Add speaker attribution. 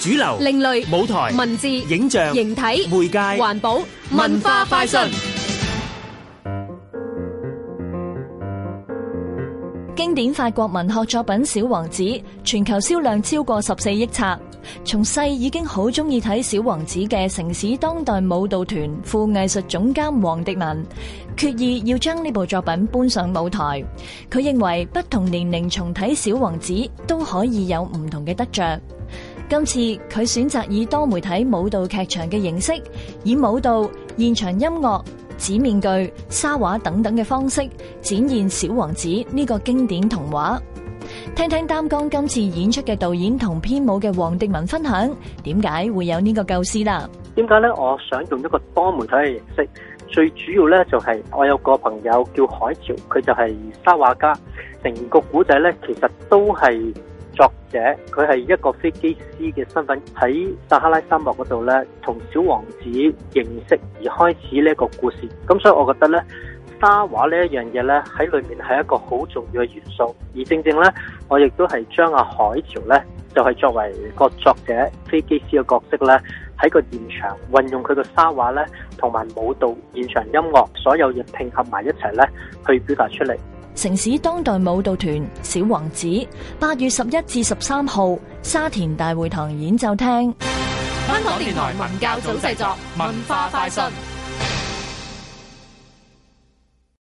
Speaker 1: 主流、另類舞台、文字、影像、形體、媒介、環保、文化快訊。經典法國文學作品《小王子》，全球銷量超過十四億冊。從細已經好鍾意睇《小王子》嘅城市當代舞蹈團副藝術總監黃迪文，決意要將呢部作品搬上舞台。佢認為不同年齡重睇《小王子》都可以有唔同嘅得着。今次佢選擇以多媒體舞蹈劇場嘅形式，以舞蹈、現場音樂、紙面具、沙畫等等嘅方式展現《小王子》呢個經典童話。聽聽擔綱今次演出嘅導演同編舞嘅黃迪文分享，點解會有呢個構思啦？
Speaker 2: 點解咧？我想用一個多媒體嘅形式，最主要咧就係我有個朋友叫海潮，佢就係沙畫家，成個古仔咧其實都係。作者佢係一個飛機師嘅身份喺撒哈拉沙漠嗰度咧，同小王子認識而開始呢一個故事。咁所以我覺得咧，沙畫呢一樣嘢咧喺裏面係一個好重要嘅元素。而正正咧，我亦都係將阿海潮咧就係、是、作為個作者飛機師嘅角色咧，喺個現場運用佢嘅沙畫咧同埋舞蹈、現場音樂所有嘢拼合埋一齊咧去表達出嚟。城市
Speaker 1: 當代舞蹈團《小王子》，八月十一至十三號，沙田大會堂演奏廳。
Speaker 2: 香港電台文教組製作，文化快訊。